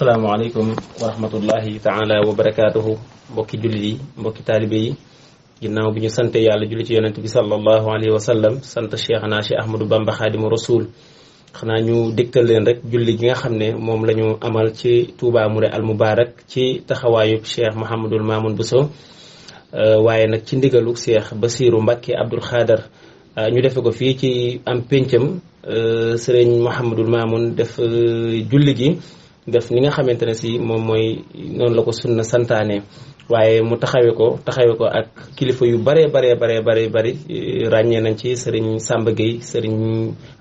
asalaamaaleykum wa rahmatullahi taala wa barakaatuhu mbokki julli yi mbokki taalibe yi ginnaaw bi ñu sante yàlla julli ci yonent bi sallallahu alayhi wa sallam sant cheikhna naa ahmadou bamba xaadimu rasul xanaa ñu dégtal leen rek julli gi nga xam ne moom la ñu amal ci Touba Mouré al Moubarak ci taxawaayu cheikh Mouhamadul Mamoun Bousso euh, waaye nag ci ndigalu cheikh Basiru Mbacke Abdoul Xaadar euh, ñu defe ko fii ci am péncam euh, sëriñ Mouhamadul Mamoun def gi def ni nga xamante ne si moom mooy noonu la ko sunna santaane waaye mu taxawee ko taxawe ko ak kilifa yu bare bare bare bare bari ràññee nañ ci sëriñ Samba Gueye sëriñ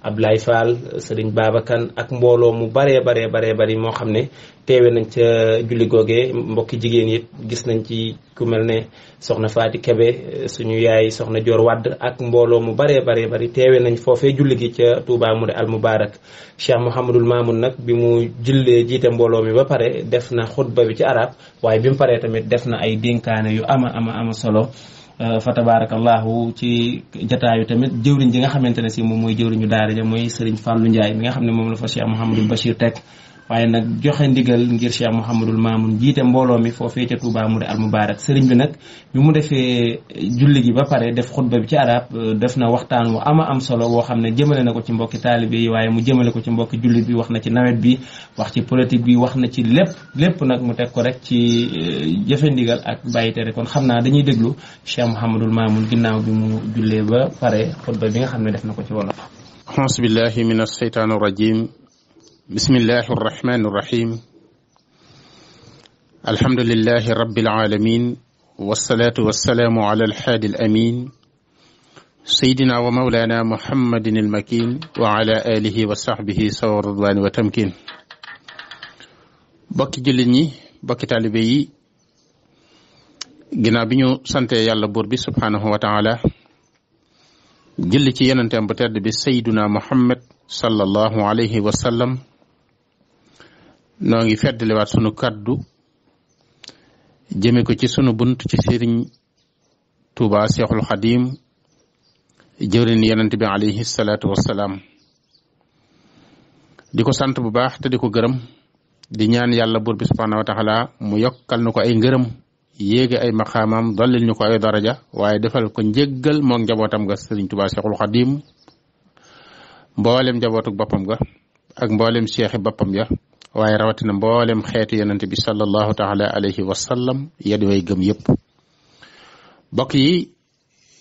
Ablaye Fall sëriñ Babakan ak mbooloo mu bare bare bare bari moo xam ne teewe nañ ca julli googee mbokki jigéen it gis nañ ci ku mel ne soxna Faati Kebe suñu yaay soxna Joor Wadd ak mbooloo mu bare bare bari teewe nañ foofee julli gi ca Touba mu de al Mubarak Cheikh Mouhamadul Mamoun nag bi mu jullee jiite mbooloo mi ba pare def na xutba bi ci arab waaye bi ay dénkaane yu ama ama ama solo euh, fa tabarakallahu ci jataayu tamit jëwriñ ji nga xamante ne si moom mooy jëwriñu daara ja mooy Serigne Fallou Ndiaye mi nga xam ne moom la fa Cheikh Mouhamadou Bachir teg waaye nag joxe ndigal ngir Cheikh Mouhamadul Mamoun jiite mbooloo mi foofee ca Touba mu di al mubaarak sëriñ bi nag bi mu defee julli gi ba pare def xutba bi ci arab euh, def na waxtaan wu ama am solo woo xam ne jëmale na ko ci mbokki taalibe yi waaye mu jëmale ko ci mbokki jullit bi wax na ci nawet bi wax ci politique bi wax na ci lépp lépp nag mu teg ko rek ci euh, jëfe ak bàyyi kon xam naa dañuy déglu Cheikh Mouhamadul Mamoun ginnaaw bi mu jullee ba pare xutba bi nga xam ne def na ko ci wolof. بسم الله الرحمن الرحيم الحمد لله رب العالمين والصلاة والسلام على الحاد الأمين سيدنا ومولانا محمد المكين وعلى آله وصحبه صور رضوان وتمكين بك جلني بك طالبي ginnaaw سنتي يالا بوربي سبحانه وتعالى جلتي ينتم wa taala محمد صلى الله عليه وسلم bi noo ngi feddaliwaat sunu kàddu jëme ko ci sunu bunt ci sëriñ Tuuba Seexul Xadiim jëwrin yonent bi alayhi di ko sant bu baax te di ko gërëm di ñaan yàlla buur bi subhaanahu wa taala mu yokkal nu ko ay ngërëm yéege ay maxaamam dollil ñu ko ay ja waaye defal ko njëggal moom njabootam nga sëriñ Tuuba Seexul Xadiim mboolem njabootuk boppam nga ak mboolem seexi boppam ya waaye rawatina mboolem xeetu yonent bi sallallahu taala alayhi wa sallam yéen way gëm yëpp mbokk yi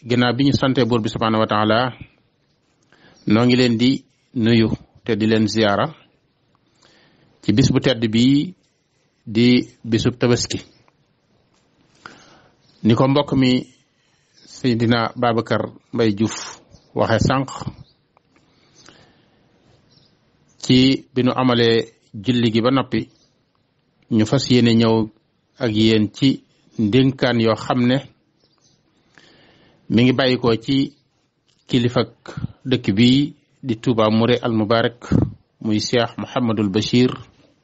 ginnaaw bi ñu sante buur bi subhaanahu wa taala noo ngi leen di nuyu te di leen ziyaara ci bis bu tedd bi di bisub tabaski ni ko mbokk mi Seydina Babacar mbay Diouf waxe sànq ci bi nu julli gi ba noppi ñu fas yéene ñëw ak yéen ci ndénkaan yoo xam ne mi ngi bàyyikoo ci kilifak dëkk bi di Touba Mouré al Moubarak muy Cheikh Mouhamadul Bachir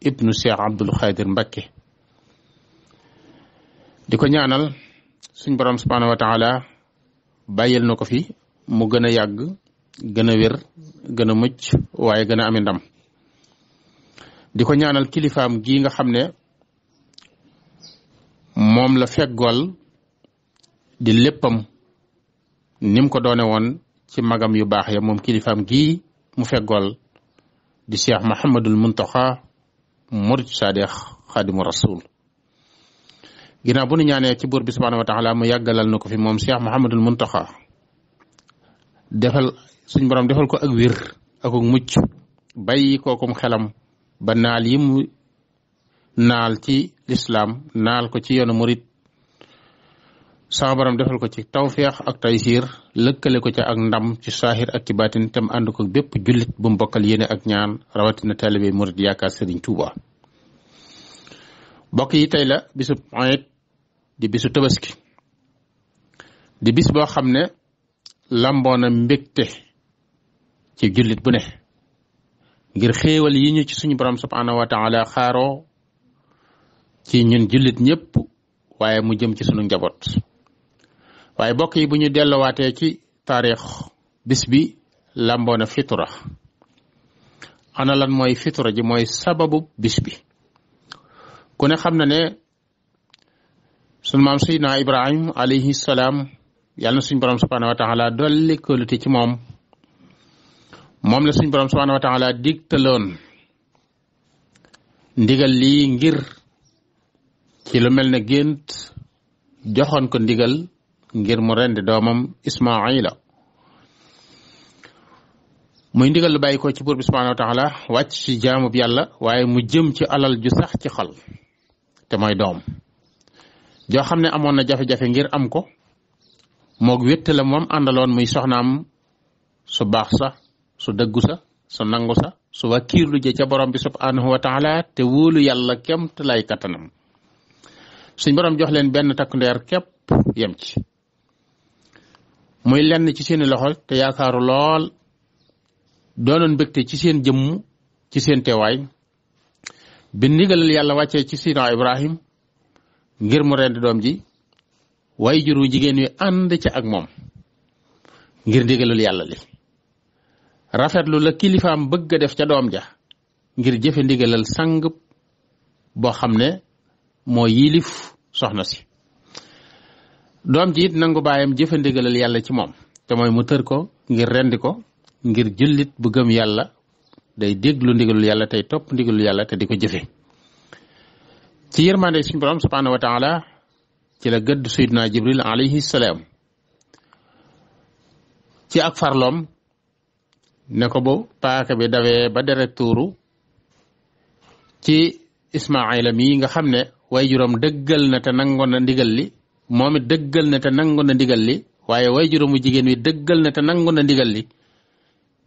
ibnu Cheikh Abdoul Khadir mbakke di ko ñaanal suñ borom subhaanahu wa taala bàyyil na ko fi mu gën a yàgg gën a wér gën a mucc waaye gën a ami ndam di ñaanal kilifaam gii nga xam ne moom la feggol di léppam nim ko doone woon ci magam yu baax ya moom kilifaam gii mu feggol di cheikh mahamadul muntaha murid sadex xadimu rasul ginnaaw bu nu ñaanee ci buur bi subhanahu wa taala mu yàggalal na ko fi moom cheikh mahamadul muntaha defal suñ borom defal ko ak wir ak mucc bàyyi kookum xelam ba naal yi mu naal ci lislaam naal ko ci yoonu murit sama defal ko ci tawféex ak taysiir lëkkale ko ci ak ndam ci saaxir ak ci baatin tam ànd ko bépp jullit bu mu bokkal ak ñaan rawatina taalibe murit yaakaar Sëriñ Tuuba mbokk yi tey la bisu Aïd di bisu tabaski di bis boo xam ne lamboona mbégte ci jullit bu ne ngir xéewal yi ñu ci suñu borom subhanahu wa taala xaaroo ci ñun jullit ñëpp waaye mu jëm ci suñu njaboot waaye bokk yi bu ñu delluwaatee ci taarix bis bi làmboona fitura ana lan mooy fitura ji mooy sababu bis bi ku ne xam na ne sunu maam Seydina Ibrahim alayhi salaam yàlla na suñu borom subhanahu wa taala dolli kóolute ci moom mom la suñu borom subhanahu wa taala digtaloon ndigal li ngir ci lu melne gent joxon ko ndigal ngir mu rendi domam ismaila muy ndigal lu bayiko ci buur bi subhanahu wa taala wacc ci jaamu bi yalla waye mu jëm ci alal ju sax ci xal te moy dom jo xamne ne na jafé jafé ngir am ko mok wétt mom andalon muy soxnam su bax sax su deggu sa su nangu sa su wakirlu je ca borom bi subhanahu wa taala te yalla kem kemt lay katanam suñ borom jox len ben takk ndeer képp yem ci muy len ci seen loxol te yaakaaru lool doonoon bekte ci seen jëm ci seen teway bi ndigalal yalla wacce ci sina ibrahim ngir mu rend dom ji way juru jigéen wi ci ak mom ngir ndigalal yalla li rafetlu la kilifaam bëgg a def ca doom ja ngir jëfe ndigalal sang boo xam ne moo yilif soxna si doom jiit it nangu baayam jëfe ndigalal yàlla ci moom te mooy mu tër ko ngir rendi ko ngir jullit bu gëm yàlla day déglu ndigalul yàlla tey topp ndigalul yàlla te di ko jëfe ci yërmande suñu borom subhanahu ci la gëdd sayyidina jibril alayhi ci ak farloom ne ko bu paaka bi dawee ba deret tuuru ci Ismaayla mii nga xam ne way juróom dëggal na te nangoon na ndigal li moom dëggal na te nangoon na ndigal li waaye way juróomu jigéen wi dëggal na te nangoon na ndigal li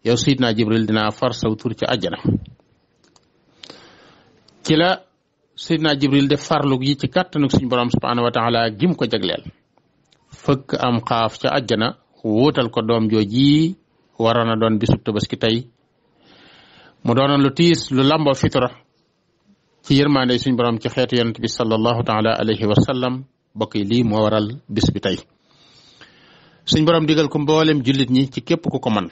yow Seydina Jibril dinaa far saw ci àjjana ci la Seydina Jibril def farlu yi ci kàttanug suñu borom subhaanahu wa taala gim ko jagleel fëkk am xaaf ca àjjana wóotal ko doom jooji waroon a doon bisub tabaski tey mu doonoon lu tiis lu lamboo fitra ci yërmande suñ borom ci xeetu yonent bi sallallahu taala alayhi wa sallam bokk yi lii moo waral bis bi tey suñ borom digal ko mboolem jullit ñi ci képp ku ko man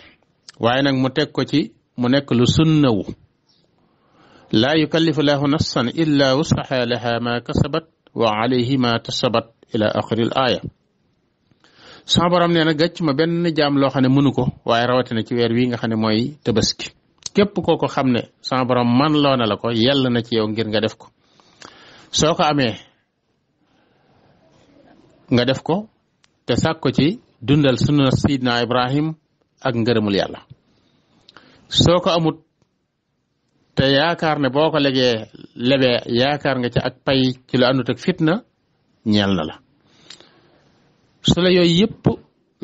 waaye nag mu teg ko ci mu nekk lu sunnawu laa yukallifu lahu nafsan illa wusaha laha ma kasabat wa alayhi ma tasabat ila axiri al aya sama borom nee na gàcc ma benn jaam loo xam ne mënu ko waaye rawatina ci weer wi nga xam ne mooy tabaski képp koo ko xam ne sama borom man loo na la ko yàlla na ci yow ngir nga def ko soo ko amee nga def ko te ko ci dundal sunu Seydina Ibrahim ak ngërëmul yàlla soo ko amut te yaakaar ne boo ko legee lebee yaakaar nga ci ak pay ci lu àndut ak fitna ñeel na la su la yooyu yëpp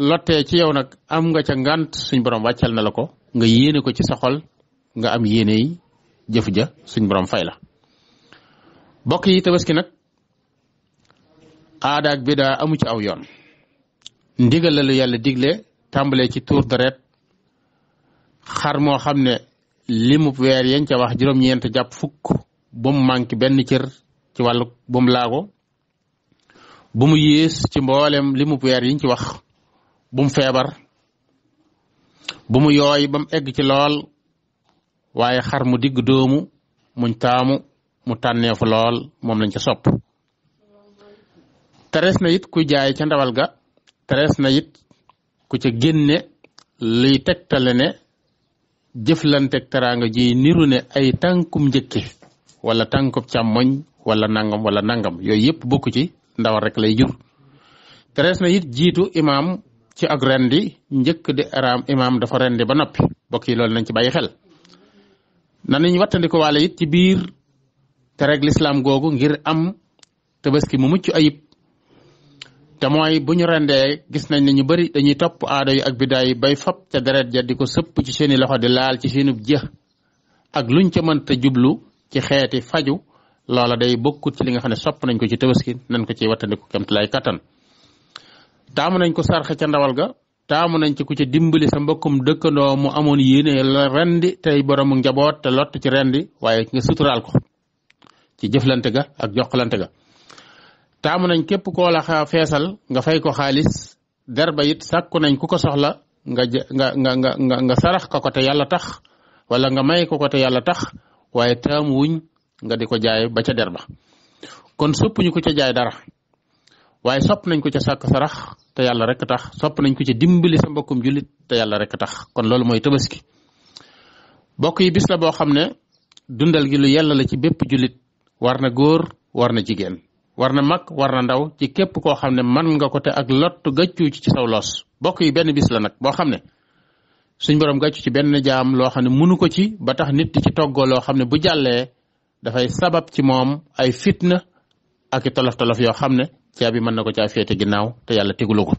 lottee ci yow nag am nga ca ngan suñ borom wàccal na la ko nga yéene ko ci sa nga am yéene yi ja suñ borom fay la bokk yi tabaski nag aada ak bidaa amu ci aw yoon ndigal la yàlla digle tàmbalee ci tuur deret xar moo xam ne limub weer yañ ca wax juróom-ñeent jàpp fukk ba mu benn cër ci wàllu ba mu laago bu mu yées ci mboolem li mu weer yiñ ci wax bu feebar bu mu yooy ba mu egg ci lool waaye xar mu digg doomu muñ taamu mu tànneefu lool moom lañ ca sopp terees na it ku jaay ca ndawal ga terees na it ku ca génne luy tegtale ne jëflanteeg teraanga ji niru ne ay tànkum njëkki wala tànkub càmmoñ wala nangam wala nangam yooyu yëpp bokku ci ndawal rek lay jur terees na it jiitu imaam ci ak rendi njëkk de araam imaam dafa rendi ba noppi bokk yi lool nañ ci bàyyi xel na niñ wattandiko waale ci biir te reg lislaam googu ngir am tabaski mu mucc ayib te mooy bu ñu rendee gis nañ ne ñu bari dañuy topp aada yi ak bidaa bay fab ca deret ja di ko sëpp ci seeni loxo di laal ci seenub jë ak luñ ca mënta jublu ci xeeti faju loola day bokkut ci li nga xam ne sopp nañ ko ci tabaski nañ ko ci wattandiku kemtalaay kattan taamu nañ ko sarxe ca ndawal ga taamu nañ ci ku ci dimbali sa mbokkum dëkkandoo mu amoon yéene la rendi tey boroomu njaboot te lott ci rendi waaye nga suturaal ko ci jëflante ga ak jokkalante ga taamu nañ képp kola la feesal nga fay ko xaalis derba it sàkku nañ ku ko soxla nga nga nga nga nga sarax ko ko te yàlla tax wala nga may ko ko te yàlla tax waaye taamu wuñ nga diko jaay ba ca der ba kon soppuñu ko ca jaay dara waaye sopp nañ ko ca sàkk sarax te yàlla rek tax sopp nañ ko ca dimbali sa mbokkum julit te yàlla rek tax kon loolu mooy tabaski bokk yi bis la boo xam ne dundal gi lu yàlla la ci bépp julit war na góor war na jigéen war na mag war na ndaw ci képp koo xam ne man nga ko te ak lott gàccu ci saw loos bokk yi benn bis la nag boo xam ne suñ borom gàccu ci benn jaam loo xam munu ko ci ba tax nit di ci toggoo loo xam bu jàllee dafay sabab ci moom ay fitna ak i tolof tolof yoo xam ne caabi mën na ko caa féete ginnaaw te yàlla tegulu ko